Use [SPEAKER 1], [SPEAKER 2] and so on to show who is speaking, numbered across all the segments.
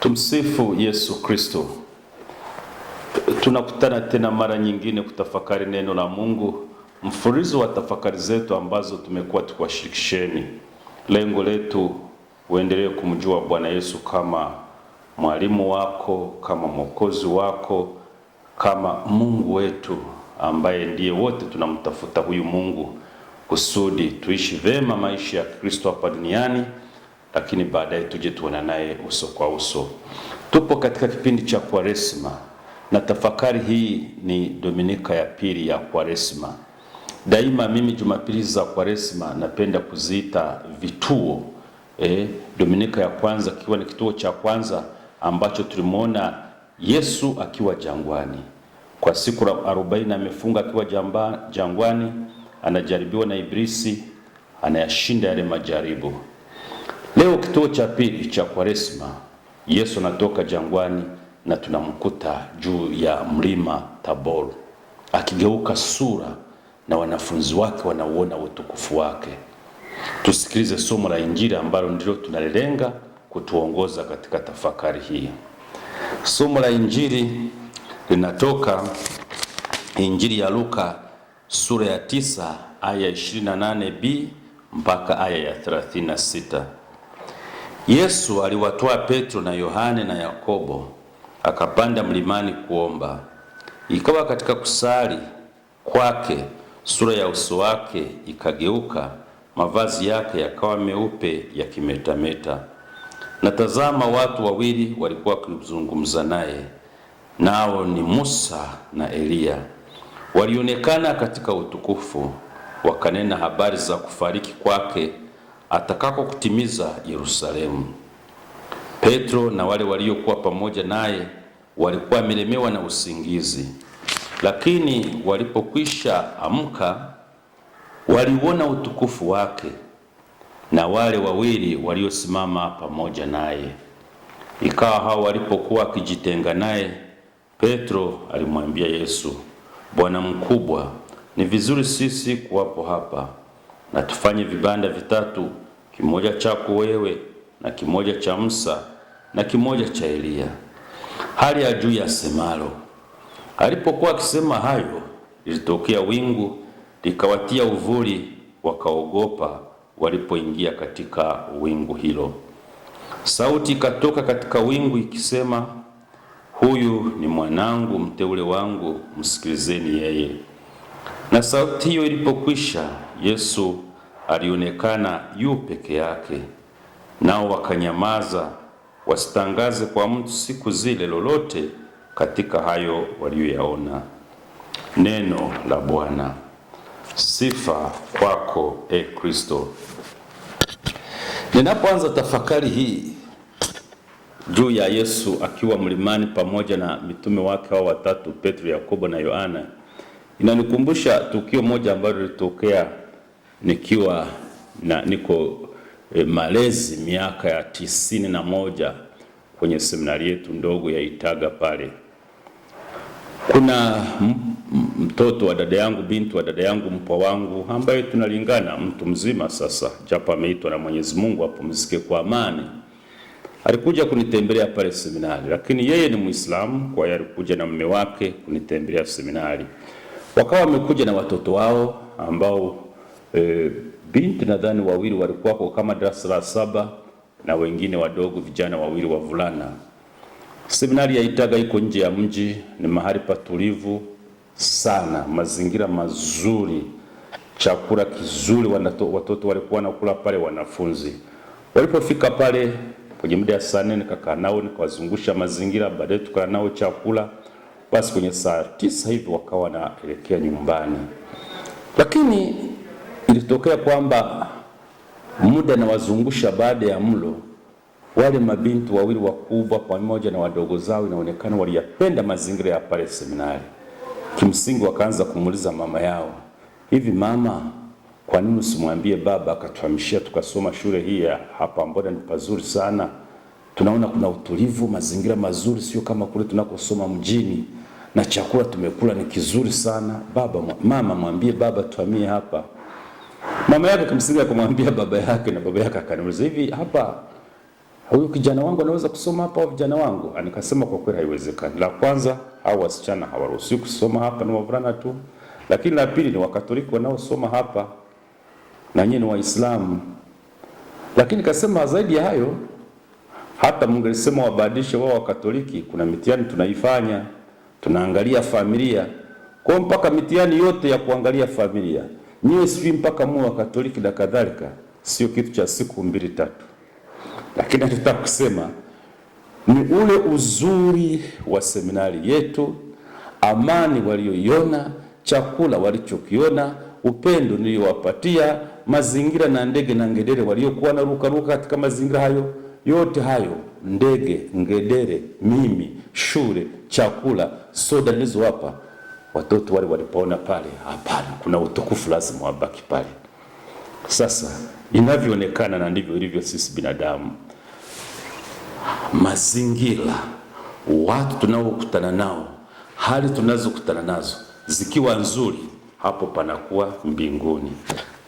[SPEAKER 1] Tumsifu Yesu Kristo. Tunakutana tena mara nyingine kutafakari neno la Mungu, mfurizo wa tafakari zetu ambazo tumekuwa tukiwashirikisheni. Lengo letu uendelee kumjua Bwana Yesu kama mwalimu wako, kama mwokozi wako, kama Mungu wetu ambaye ndiye wote tunamtafuta huyu Mungu kusudi tuishi vema maisha ya Kristo hapa duniani, lakini baadaye tuje tuona naye uso kwa uso. Tupo katika kipindi cha Kwaresma na tafakari hii ni Dominika ya pili ya Kwaresma. Daima mimi Jumapili za Kwaresma napenda kuziita vituo. Eh, Dominika ya kwanza kiwa ni kituo cha kwanza ambacho tulimwona Yesu akiwa jangwani kwa siku arobaini amefunga akiwa jamba, jangwani anajaribiwa na ibrisi anayashinda yale majaribu. Leo kituo cha pili cha Kwaresma, Yesu anatoka jangwani na tunamkuta juu ya mlima Tabor akigeuka sura na wanafunzi wake wanauona utukufu wake. Tusikilize somo la Injili ambalo ndilo tunalilenga kutuongoza katika tafakari hii. Somo la injili linatoka Injili ya Luka sura ya tisa aya 28b mpaka aya ya 36. Yesu aliwatoa Petro na Yohane na Yakobo akapanda mlimani kuomba. Ikawa katika kusali kwake, sura ya uso wake ikageuka, mavazi yake yakawa meupe yakimetameta na tazama, watu wawili walikuwa wakizungumza naye, nao ni Musa na Eliya, walionekana katika utukufu, wakanena habari za kufariki kwake atakako kutimiza Yerusalemu. Petro na wale waliokuwa pamoja naye walikuwa wamelemewa na usingizi, lakini walipokwisha amka waliuona utukufu wake na wale wawili waliosimama pamoja naye. Ikawa hao walipokuwa wakijitenga naye, Petro alimwambia Yesu, Bwana mkubwa, ni vizuri sisi kuwapo hapa, na tufanye vibanda vitatu, kimoja chako wewe na kimoja cha Musa na kimoja cha Eliya, hali ya juu ya semalo. Alipokuwa akisema hayo, ilitokea wingu likawatia uvuli, wakaogopa walipoingia katika wingu hilo. Sauti ikatoka katika wingu ikisema, huyu ni mwanangu mteule wangu, msikilizeni yeye. Na sauti hiyo ilipokwisha, Yesu alionekana yu peke yake, nao wakanyamaza, wasitangaze kwa mtu siku zile lolote katika hayo waliyoyaona. Neno la Bwana. Sifa kwako e Kristo. Ninapoanza tafakari hii juu ya Yesu akiwa mlimani pamoja na mitume wake hao watatu, Petro, Yakobo na Yohana, inanikumbusha tukio moja ambalo lilitokea nikiwa na niko e, malezi miaka ya tisini na moja kwenye seminari yetu ndogo ya Itaga pale. Kuna mtoto wa dada yangu, binti wa dada yangu, mpwa wangu, ambaye tunalingana, mtu mzima sasa, japo ameitwa na Mwenyezi Mungu apumzike kwa amani. Alikuja kunitembelea pale seminari, lakini yeye ni Muislamu, kwa hiyo alikuja na mume wake kunitembelea seminari. Wakawa wamekuja na watoto wao ambao e, binti nadhani wawili walikuwa kwa kama darasa la saba na wengine wadogo vijana wawili wavulana. Seminari ya Itaga iko nje ya mji, ni mahali patulivu sana, mazingira mazuri, chakula kizuri, wanato, watoto walikuwa wanakula pale. Wanafunzi walipofika pale kwenye muda ya saa nne nikakaa nao nikawazungusha mazingira, baadaye tukala nao chakula. Basi kwenye saa tisa hivi wakawa wanaelekea nyumbani, lakini ilitokea kwamba muda nawazungusha, baada ya mlo wale mabinti wawili wakubwa pamoja na wadogo zao, inaonekana waliyapenda mazingira ya pale seminari. Kimsingi wakaanza kumuuliza mama yao, hivi mama, kwa nini usimwambie baba akatuhamishia tukasoma shule hii ya hapa? Mbona ni pazuri sana, tunaona kuna utulivu, mazingira mazuri, sio kama kule tunakosoma mjini, na chakula tumekula ni kizuri sana. Baba, mama, mwambie baba tuhamie hapa. Mama yake kimsingi akamwambia baba yake, na baba yake akaniuliza, hivi hapa huyu kijana wangu anaweza kusoma hapa au vijana wangu? Anikasema kwa kweli haiwezekani. La kwanza au wasichana hawaruhusiwi kusoma hapa, ni wavulana tu. Lakini la pili ni Wakatoliki wanaosoma hapa na nyinyi ni Waislamu. Lakini kasema zaidi ya hayo, hata mngesema wabadilishe wao Wakatoliki, kuna mitihani tunaifanya, tunaangalia familia kwa mpaka mitihani yote ya kuangalia familia nyiwe, sijui mpaka muwe Wakatoliki na kadhalika, sio kitu cha siku mbili tatu, lakini nataka kusema ni ule uzuri wa seminari yetu, amani walioiona, chakula walichokiona, upendo niliowapatia, mazingira na ndege na ngedere waliokuwa na ruka ruka katika mazingira hayo yote hayo, ndege, ngedere, mimi, shule, chakula, soda nilizowapa watoto wale, walipoona pale, hapana, kuna utukufu, lazima wabaki pale. Sasa inavyoonekana na ndivyo ilivyo sisi binadamu mazingira, watu tunaokutana nao, hali tunazokutana nazo, zikiwa nzuri, hapo panakuwa mbinguni,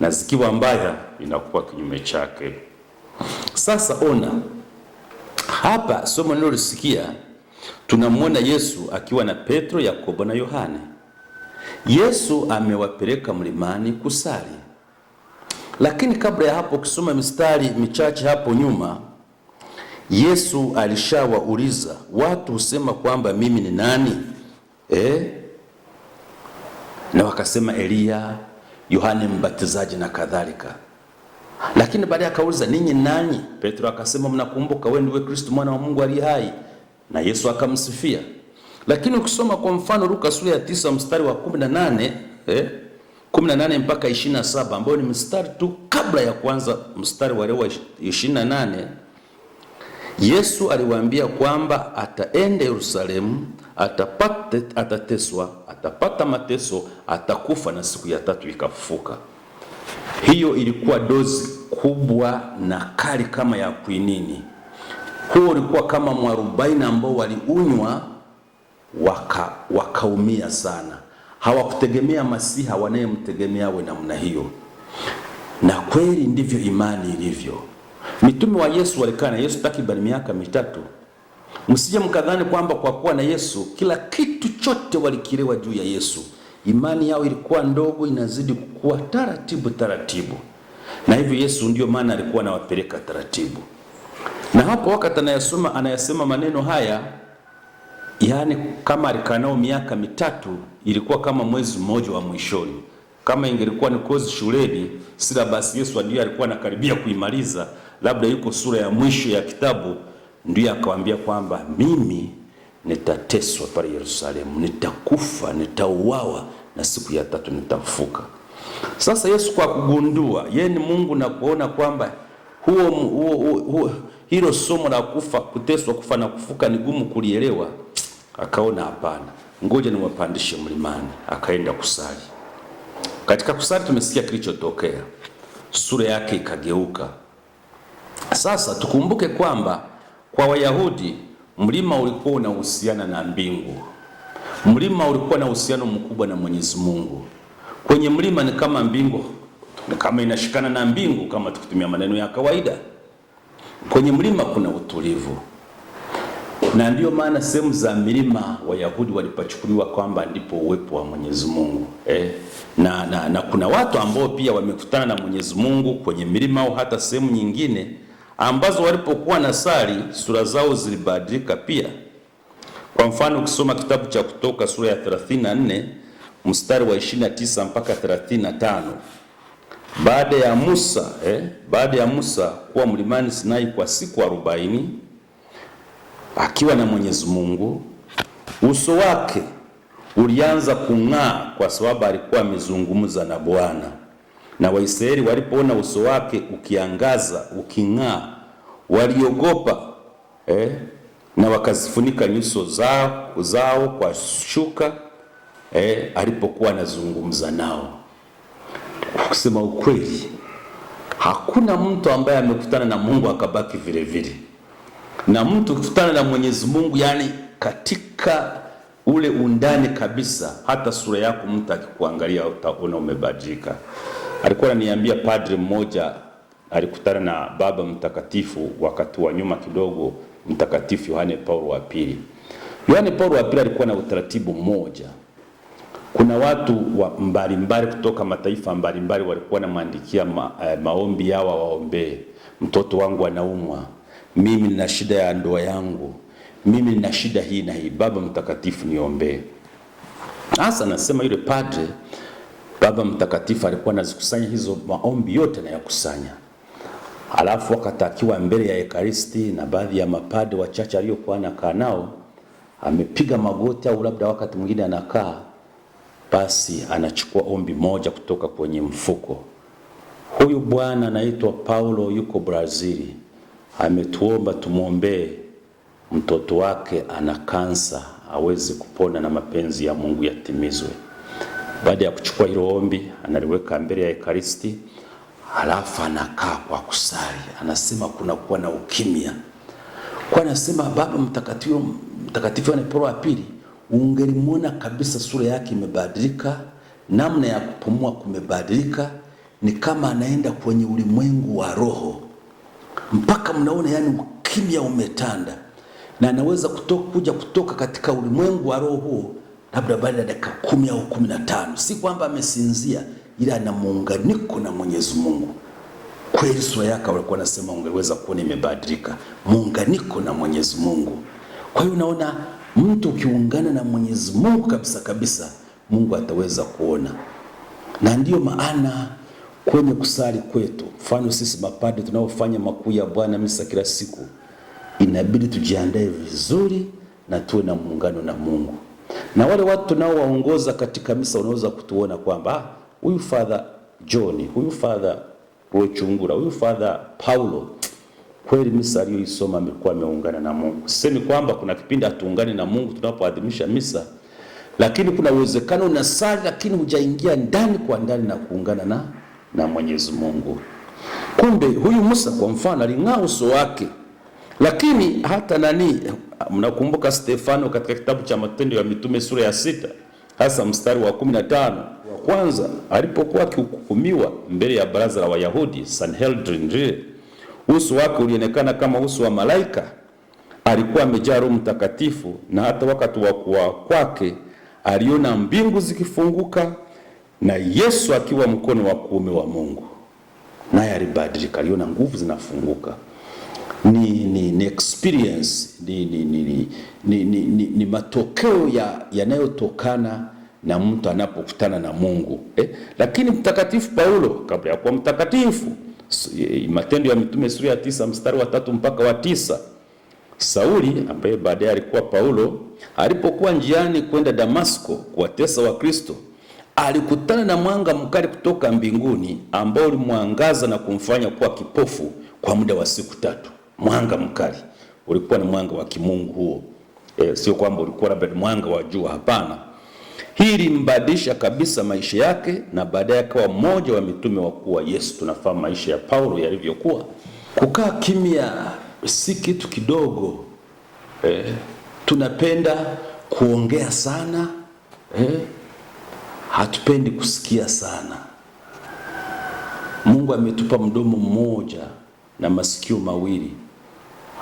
[SPEAKER 1] na zikiwa mbaya, inakuwa kinyume chake. Sasa ona hapa somo nilolisikia, tunamwona Yesu akiwa na Petro, Yakobo na Yohane. Yesu amewapeleka mlimani kusali, lakini kabla ya hapo, ukisoma mistari michache hapo nyuma Yesu alishawauliza watu husema kwamba mimi ni nani eh? Na wakasema Eliya, Yohane Mbatizaji na kadhalika, lakini baadaye akauliza ninyi nani? Petro akasema mnakumbuka, wewe ndiwe Kristo mwana wa Mungu aliye hai, na Yesu akamsifia. Lakini ukisoma kwa mfano Luka sura ya tisa mstari wa 18 eh, 18 mpaka 27 ambao ni mstari tu kabla ya kuanza mstari wa leo 28 Yesu aliwaambia kwamba ataenda Yerusalemu, atapata, atateswa, atapata mateso, atakufa na siku ya tatu ikafufuka. Hiyo ilikuwa dozi kubwa na kali kama ya kwinini. Huo ulikuwa kama mwarobaini ambao waliunywa waka wakaumia sana. Hawakutegemea Masiha wanayemtegemea awe namna hiyo, na kweli ndivyo imani ilivyo. Mitume wa Yesu walikaa na Yesu takriban miaka mitatu. Msije mkadhani kwamba kwa kuwa na Yesu kila kitu chote walikielewa juu ya Yesu. Imani yao ilikuwa ndogo, inazidi kukua taratibu taratibu, na hivyo Yesu ndiyo maana alikuwa anawapeleka taratibu. Na hapo wakati anayasoma anayasema maneno haya, yaani kama alikaa nao miaka mitatu, ilikuwa kama mwezi mmoja wa mwishoni. Kama ingelikuwa ni kozi shuleni, sila basi Yesu ndiye alikuwa anakaribia kuimaliza labda yuko sura ya mwisho ya kitabu, ndiye akawaambia kwamba mimi nitateswa pale Yerusalemu, nitakufa, nitauawa na siku ya tatu nitafuka. Sasa Yesu kwa kugundua yeye ni Mungu na kuona kwamba huo, huo, huo, hilo somo la kufa, kuteswa, kufa na kufuka ni gumu kulielewa, akaona hapana, ngoja niwapandishe mlimani, akaenda kusali. Katika kusali tumesikia kilichotokea, sura yake ikageuka. Sasa tukumbuke kwamba kwa Wayahudi mlima ulikuwa unahusiana na mbingu. Mlima ulikuwa na uhusiano mkubwa na Mwenyezi Mungu. Kwenye mlima ni kama mbingu, ni kama inashikana na mbingu, kama tukitumia maneno ya kawaida. Kwenye mlima kuna utulivu, na ndiyo maana sehemu za milima Wayahudi walipachukuliwa kwamba ndipo uwepo wa Mwenyezi Mungu eh? na, na, na kuna watu ambao pia wamekutana na Mwenyezi Mungu kwenye milima au hata sehemu nyingine ambazo walipokuwa na sali sura zao zilibadilika pia. Kwa mfano, ukisoma kitabu cha Kutoka sura ya 34 mstari wa 29 mpaka 35, baada ya Musa eh, baada ya Musa kuwa mlimani Sinai kwa siku 40 akiwa na Mwenyezi Mungu, uso wake ulianza kung'aa kwa sababu alikuwa amezungumza na Bwana, na Waisraeli walipoona uso wake ukiangaza uking'aa waliogopa eh, na wakazifunika nyuso zao, zao kwa shuka eh, alipokuwa anazungumza nao. Kusema ukweli, hakuna mtu ambaye amekutana na Mungu akabaki vile vile, na mtu kutana na Mwenyezi Mungu yani katika ule undani kabisa, hata sura yako mtu akikuangalia utaona umebadilika. Alikuwa ananiambia padri mmoja alikutana na Baba Mtakatifu wakati wa nyuma kidogo, Mtakatifu Yohane Paulo wa pili. Yohane Paulo wa pili alikuwa na utaratibu mmoja. Kuna watu wa mbalimbali kutoka mataifa mbalimbali walikuwa namwandikia ma, eh, maombi yao waombee, mtoto wangu anaumwa, mimi nina shida ya ndoa yangu, mimi nina shida hii na hii, Baba Mtakatifu niombee. Hasa nasema yule padre Baba Mtakatifu alikuwa anazikusanya hizo maombi yote, anayakusanya Halafu akatakiwa mbele ya Ekaristi na baadhi ya mapadre wa chacha aliyokuwa anakaa nao, amepiga magoti au labda wakati mwingine anakaa, basi anachukua ombi moja kutoka kwenye mfuko. Huyu bwana anaitwa Paulo, yuko Brazili, ametuomba tumwombee mtoto wake ana kansa aweze kupona na mapenzi ya Mungu yatimizwe. Baada ya kuchukua hilo ombi, analiweka mbele ya Ekaristi halafu anakaa kwa kusali, anasema kuna kuwa na ukimya. Kwa anasema Baba Mtakatifu, Mtakatifu Yohane Paulo wa Pili, ungelimwona kabisa sura yake imebadilika, namna ya kupumua kumebadilika, ni kama anaenda kwenye ulimwengu wa roho, mpaka mnaona yani ukimya umetanda, na anaweza kutoka, kuja kutoka katika ulimwengu wa roho huo labda baada ya dakika kumi au kumi na tano, si kwamba amesinzia ila na muunganiko na Mwenyezi Mungu. Kweli sura yake walikuwa nasema ungeweza kuona imebadilika, muunganiko na Mwenyezi Mungu. Kwa hiyo unaona, mtu ukiungana na Mwenyezi Mungu kabisa kabisa, Mungu ataweza kuona, na ndiyo maana kwenye kusali kwetu, mfano sisi mapadri tunaofanya makuu ya Bwana misa kila siku, inabidi tujiandae vizuri na tuwe na muungano na Mungu, na wale watu nao waongoza katika misa, wanaweza kutuona kwamba huyu Father John, huyu Father Wechungura, huyu Father Paulo kweli misa aliyoisoma amekuwa ameungana na Mungu. Sisemi kwamba kuna kipindi hatuungane na Mungu tunapoadhimisha misa, lakini kuna uwezekano unasali, lakini hujaingia ndani kwa ndani na kuungana na, na Mwenyezi Mungu. Kumbe huyu Musa kwa mfano aling'aa uso wake, lakini hata nani, mnakumbuka Stefano katika kitabu cha Matendo ya Mitume sura ya sita hasa mstari wa 15 kwanza alipokuwa akihukumiwa mbele ya baraza la Wayahudi Sanhedrin lile, uso wake ulionekana kama uso wa malaika. Alikuwa amejaa Roho Mtakatifu, na hata wakati wa kuwa kwake aliona mbingu zikifunguka na Yesu akiwa mkono wa kuume wa Mungu, naye alibadilika, aliona nguvu zinafunguka. Ni, ni, ni experience ni, ni, ni, ni, ni, ni, ni matokeo yanayotokana ya na mtu anapokutana na Mungu eh? Lakini mtakatifu Paulo kabla ya kuwa mtakatifu, Matendo ya Mitume sura ya tisa mstari wa tatu mpaka wa tisa Sauli ambaye baadaye alikuwa Paulo alipokuwa njiani kwenda Damasko kuwatesa Wakristo alikutana na mwanga mkali kutoka mbinguni ambao ulimwangaza na kumfanya kuwa kipofu kwa muda wa siku tatu. Mwanga mkali ulikuwa ni mwanga wa kimungu huo, e, sio kwamba ulikuwa labda mwanga wa jua, hapana. Hii ilimbadilisha kabisa maisha yake, na baadaye akawa mmoja wa mitume wakuu wa Yesu. Tunafahamu maisha ya Paulo yalivyokuwa. Kukaa kimya si kitu kidogo eh. Tunapenda kuongea sana eh. Hatupendi kusikia sana. Mungu ametupa mdomo mmoja na masikio mawili,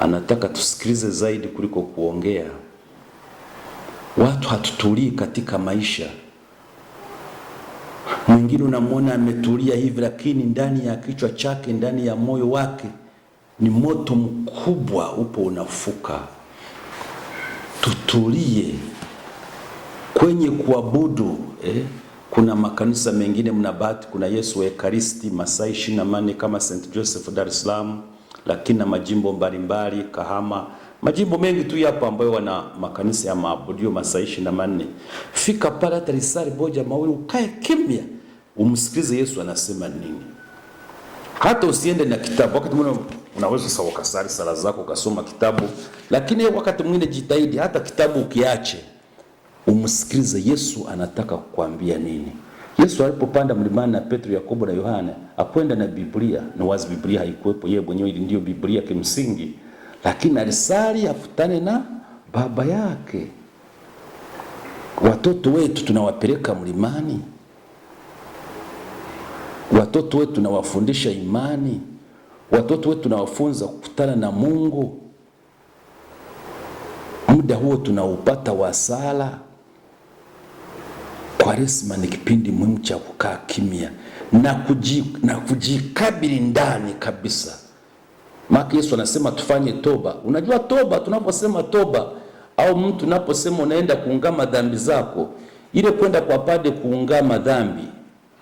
[SPEAKER 1] anataka tusikilize zaidi kuliko kuongea. Watu hatutulii katika maisha. Mwingine unamwona ametulia hivi, lakini ndani ya kichwa chake, ndani ya moyo wake ni moto mkubwa upo unafuka. Tutulie kwenye kuabudu eh? Kuna makanisa mengine mnabati kuna Yesu wa Ekaristi masaa 24 kama St Joseph Dar es Salaam, lakini na majimbo mbalimbali Kahama Majimbo mengi tu yapo ambayo wana makanisa ya maabudio masaa ishirini na manne. Fika pale hata risali moja mawili, ukae kimya, umsikilize Yesu anasema nini. Hata usiende na kitabu, wakati mwingine unaweza sasa ukasali sala zako ukasoma kitabu, lakini wakati mwingine jitahidi hata kitabu ukiache, umsikilize Yesu anataka kukwambia nini. Yesu alipopanda mlimani na Petro, Yakobo na Yohana akwenda na Biblia, na wazi Biblia haikuwepo, yeye mwenyewe ndio Biblia kimsingi lakini alisali afutane na baba yake. Watoto wetu tunawapeleka mlimani, watoto wetu tunawafundisha imani, watoto wetu tunawafunza kukutana na Mungu. Muda huo tunaupata wa sala. Kwaresma ni kipindi muhimu cha kukaa kimya na kujikabili ndani kabisa Maki Yesu anasema tufanye toba. Unajua toba, tunaposema toba au mtu unaposema unaenda kuungama dhambi zako, ile kwenda kwa pade kuungama dhambi,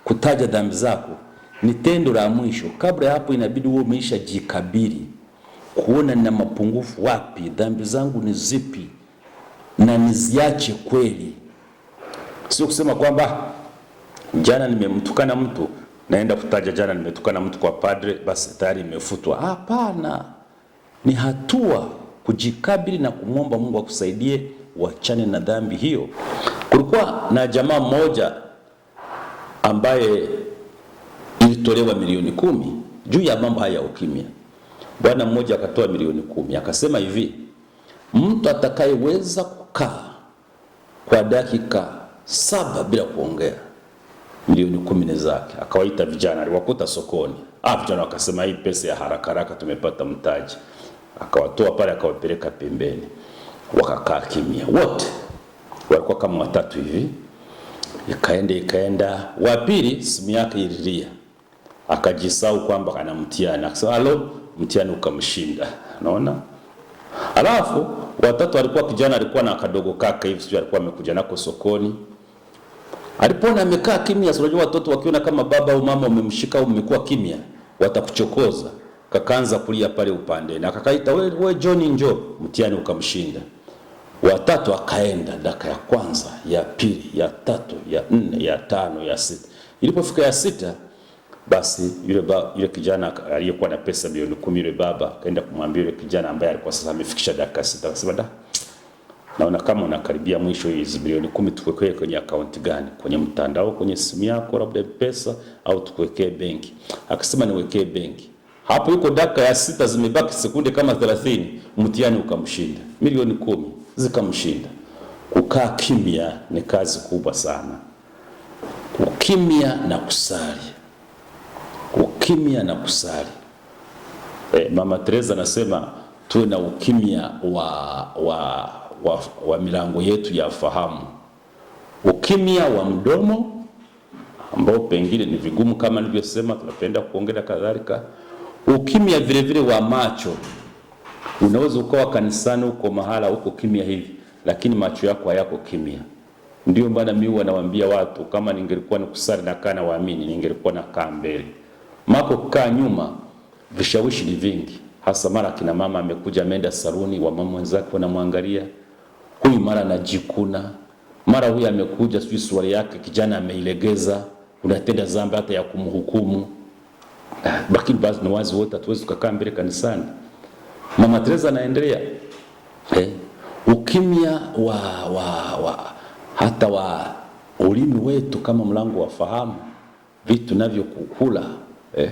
[SPEAKER 1] kutaja dhambi zako ni tendo la mwisho. Kabla ya hapo, inabidi wewe umeisha jikabiri kuona na mapungufu wapi, dhambi zangu ni zipi, na niziache kweli, sio kusema kwamba jana nimemtukana mtu naenda kutaja jana nimetukana mtu kwa padre, basi tayari imefutwa. Hapana, ni hatua kujikabili na kumwomba Mungu akusaidie wachane na dhambi hiyo. Kulikuwa na jamaa mmoja ambaye ilitolewa milioni kumi juu ya mambo haya ya ukimya. Bwana mmoja akatoa milioni kumi akasema hivi, mtu atakayeweza kukaa kwa dakika saba bila kuongea milioni kumi ni zake. Akawaita vijana, aliwakuta sokoni. Ah, vijana wakasema hii pesa ya haraka haraka, tumepata mtaji. Akawatoa pale, akawapeleka pembeni, wakakaa kimya wote, walikuwa kama watatu hivi. Ikaenda ikaenda, wa pili simu yake ililia, akajisau kwamba ana mtihani, akasema alo, mtihani ukamshinda. Unaona, alafu watatu alikuwa kijana, alikuwa na kadogo kaka hivi, sio alikuwa amekuja nako sokoni Alipona amekaa kimya. Unajua watoto wakiona kama baba au mama umemshika au umekuwa kimya, watakuchokoza. Kakaanza kulia pale upande na akakaita wewe, we John, njo Mtihani ukamshinda watatu, akaenda daka ya kwanza, ya pili, ya tatu, ya nne, ya tano, ya sita. Ilipofika ya sita, basi yule ba, yule kijana aliyekuwa na pesa milioni 10 yule baba akaenda kumwambia yule kijana ambaye alikuwa sasa amefikisha daka sita, akasema da Naona kama unakaribia mwisho, hizi bilioni kumi tukuwekee kwenye akaunti gani? Kwenye mtandao, kwenye simu yako, labda pesa au tukuwekee benki? Akasema niwekee benki. Hapo yuko dakika ya sita, zimebaki sekunde kama 30, mtihani ukamshinda. Milioni kumi zikamshinda. Kukaa kimya ni kazi kubwa sana. Ukimya na kusali, ukimya na kusali. E, Mama Teresa anasema tuwe na ukimya wa, wa wa, wa milango yetu ya fahamu, ukimya wa mdomo ambao pengine ni vigumu kama nilivyosema, tunapenda kuongea kadhalika. Ukimya vile vile wa macho, unaweza ukawa kanisani, uko mahala, uko kimya hivi, lakini macho yako hayako kimya. Ndio maana mimi wanawaambia watu, kama ningelikuwa nikusali na kana waamini, ningelikuwa na kaa mbele mako kaa nyuma, vishawishi ni vingi, hasa mara kina mama amekuja ameenda saluni, wa mama wenzake wanamwangalia huyu mara anajikuna, mara huyu amekuja, sijui swali yake kijana ameilegeza, unatenda dhambi hata ya kumhukumu. Ah, lakini basi ni wazi wote hatuwezi tukakaa mbele kanisani. Mama Teresa anaendelea eh, ukimya wa, wa, wa hata wa ulimi wetu kama mlango wa fahamu, vitu navyokukula eh,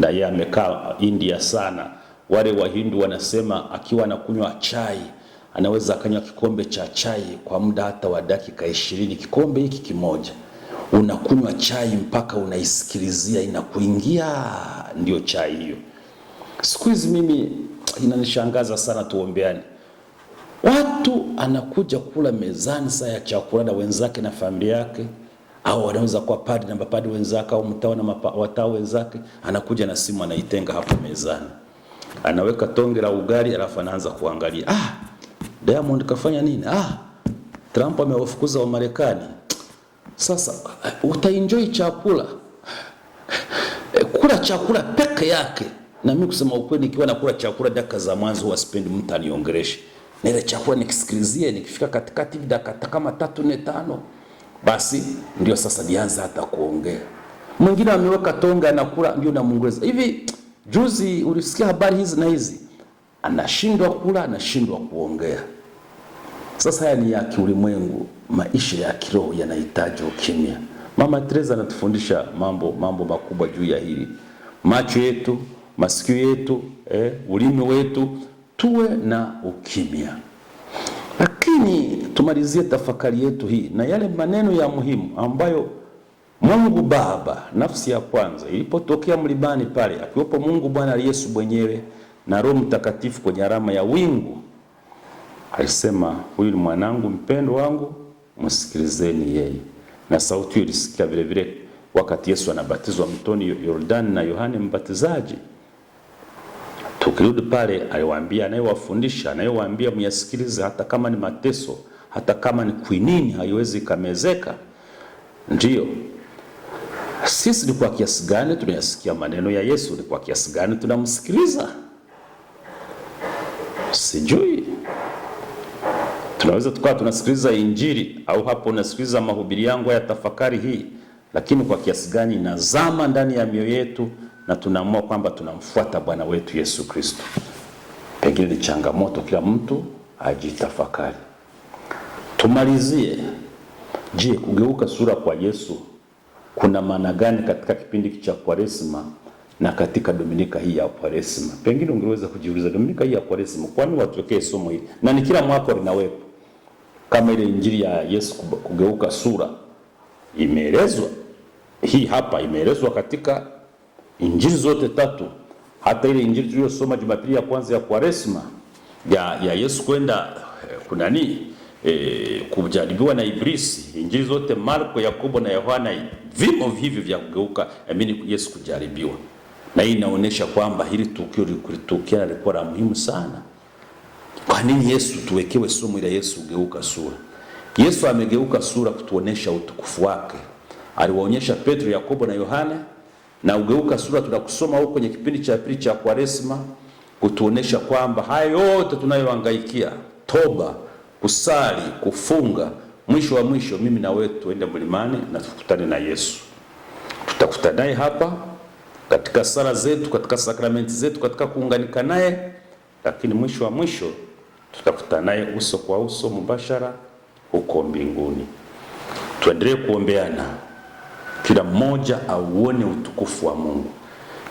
[SPEAKER 1] na yeye amekaa India sana. Wale Wahindu wanasema akiwa anakunywa chai anaweza akanywa kikombe cha chai kwa muda hata wa dakika ishirini. Kikombe hiki kimoja unakunywa chai mpaka unaisikilizia inakuingia, ndio chai hiyo. Siku hizi mimi inanishangaza sana, tuombeane. watu anakuja kula mezani saa ya chakula na wenzake na familia yake, au anaweza kuwa padri na mapadi wenzake au mtawa na watawa wenzake, anakuja na simu anaitenga hapo mezani, anaweka tonge la ugali, alafu anaanza kuangalia ah, Diamond kafanya nini? Ah, Trump amewafukuza wa Marekani. Sasa eh, utaenjoy chakula, eh, kula chakula peke yake. Na mimi kusema ukweli, nikiwa nakula chakula dakika za mwanzo huwa sipendi mtu aniongeleshe na ile chakula nikisikilizie, nikifika katikati dakika kama tatu nne tano, basi ndio sasa nianza hata kuongea. Mwingine ameweka tonga anakula, ndio namuongeza hivi. Juzi ulisikia habari hizi na hizi, anashindwa kula, anashindwa kuongea. Sasa haya ni ya kiulimwengu, maisha ya kiroho yanahitaji ukimya. Mama Teresa anatufundisha mambo mambo makubwa juu ya hili. Macho yetu, masikio yetu, eh, ulimi wetu tuwe na ukimya. Lakini tumalizie tafakari yetu hii na yale maneno ya muhimu ambayo Mungu Baba, nafsi ya kwanza ilipotokea mlibani pale, akiwepo Mungu Bwana Yesu mwenyewe na Roho Mtakatifu kwenye alama ya wingu alisema, huyu ni mwanangu mpendo wangu, msikilizeni yeye. Na sauti hiyo ilisikia vile vile wakati Yesu anabatizwa mtoni Yordani na Yohane Mbatizaji. Tukirudi pale, aliwaambia anayewafundisha, anayewaambia myasikilize, hata kama ni mateso, hata kama ni kwinini haiwezi ikamezeka. Ndiyo, sisi ni kwa kiasi gani tunayasikia maneno ya Yesu? Ni kwa kiasi gani tunamsikiliza? Sijui. Tunaweza tukawa tunasikiliza injili au hapo unasikiliza mahubiri yangu ya tafakari hii, lakini kwa kiasi gani inazama ndani ya mioyo yetu na tunaamua kwamba tunamfuata Bwana wetu Yesu Kristo? Pengine ni changamoto kila mtu ajitafakari. Tumalizie. Je, kugeuka sura kwa Yesu kuna maana gani katika kipindi cha Kwaresma na katika Dominika hii ya Kwaresma? Pengine ungeweza kujiuliza Dominika hii ya Kwaresma, kwani watokee somo hili na ni kila mwaka linawepo? kama ile injili ya Yesu kugeuka sura imeelezwa. Hii hapa imeelezwa katika injili zote tatu, hata ile injili tuliyosoma Jumapili ya kwanza ya Kwaresma ya, ya Yesu kwenda eh, kunani e, eh, kujaribiwa na Ibrisi. Injili zote Marko, Yakobo na Yohana vimo hivyo vya kugeuka, amini Yesu kujaribiwa, na hii inaonyesha kwamba hili tukio lilikuwa la muhimu sana. Kwa nini Yesu tuwekewe somo ila Yesu ugeuka sura? Yesu amegeuka sura kutuonesha utukufu wake. Aliwaonyesha Petro, Yakobo na Yohane, na ugeuka sura tunakusoma huko kwenye kipindi cha pili cha Kwaresma kutuonesha kwamba haya yote tunayohangaikia, toba, kusali, kufunga, mwisho wa mwisho mimi na wewe tuende mlimani na tukutane na Yesu. Tutakutana naye hapa katika sala zetu, katika sakramenti zetu, katika kuunganika naye, lakini mwisho wa mwisho tutakutana naye uso kwa uso mubashara huko mbinguni. Tuendelee kuombeana, kila mmoja auone utukufu wa Mungu,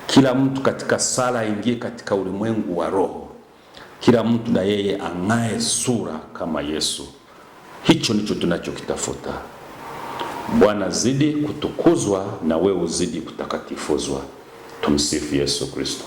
[SPEAKER 1] kila mtu katika sala aingie katika ulimwengu wa roho, kila mtu na yeye ang'ae sura kama Yesu. Hicho ndicho tunachokitafuta. Bwana zidi kutukuzwa na wewe uzidi kutakatifuzwa. Tumsifu Yesu Kristo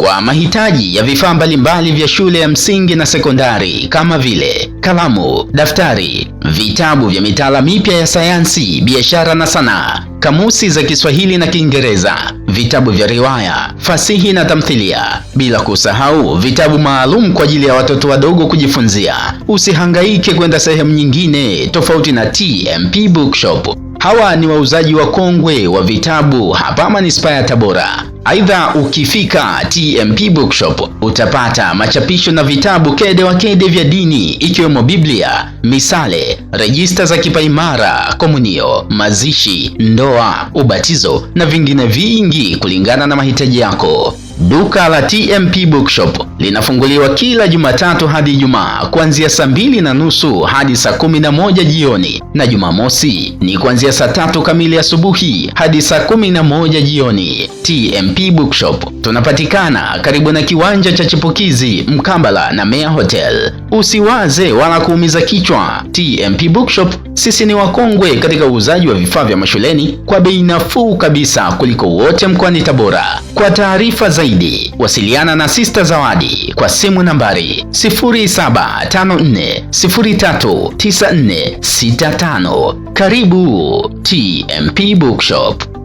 [SPEAKER 2] kwa mahitaji ya vifaa mbalimbali vya shule ya msingi na sekondari kama vile kalamu, daftari, vitabu vya mitaala mipya ya sayansi, biashara na sanaa, kamusi za Kiswahili na Kiingereza, vitabu vya riwaya, fasihi na tamthilia, bila kusahau vitabu maalum kwa ajili ya watoto wadogo kujifunzia. Usihangaike kwenda sehemu nyingine tofauti na TMP Bookshop. Hawa ni wauzaji wakongwe wa vitabu hapa manispaa ya Tabora. Aidha, ukifika TMP Bookshop utapata machapisho na vitabu kede wa kede vya dini ikiwemo Biblia, misale, rejista za kipaimara, komunio, mazishi, ndoa, ubatizo na vingine vingi kulingana na mahitaji yako. Duka la TMP Bookshop linafunguliwa kila Jumatatu hadi Ijumaa kuanzia saa mbili na nusu hadi saa kumi na moja jioni na Jumamosi ni kuanzia saa tatu kamili asubuhi hadi saa kumi na moja jioni. TMP Bookshop tunapatikana karibu na kiwanja cha Chipukizi mkambala na Mea Hotel. Usiwaze wala kuumiza kichwa. TMP Bookshop sisi ni wakongwe katika uuzaji wa vifaa vya mashuleni kwa bei nafuu kabisa kuliko wote mkoani Tabora. Kwa taarifa zaidi wasiliana na Sister Zawadi kwa simu nambari 0754039465. Karibu TMP
[SPEAKER 1] Bookshop.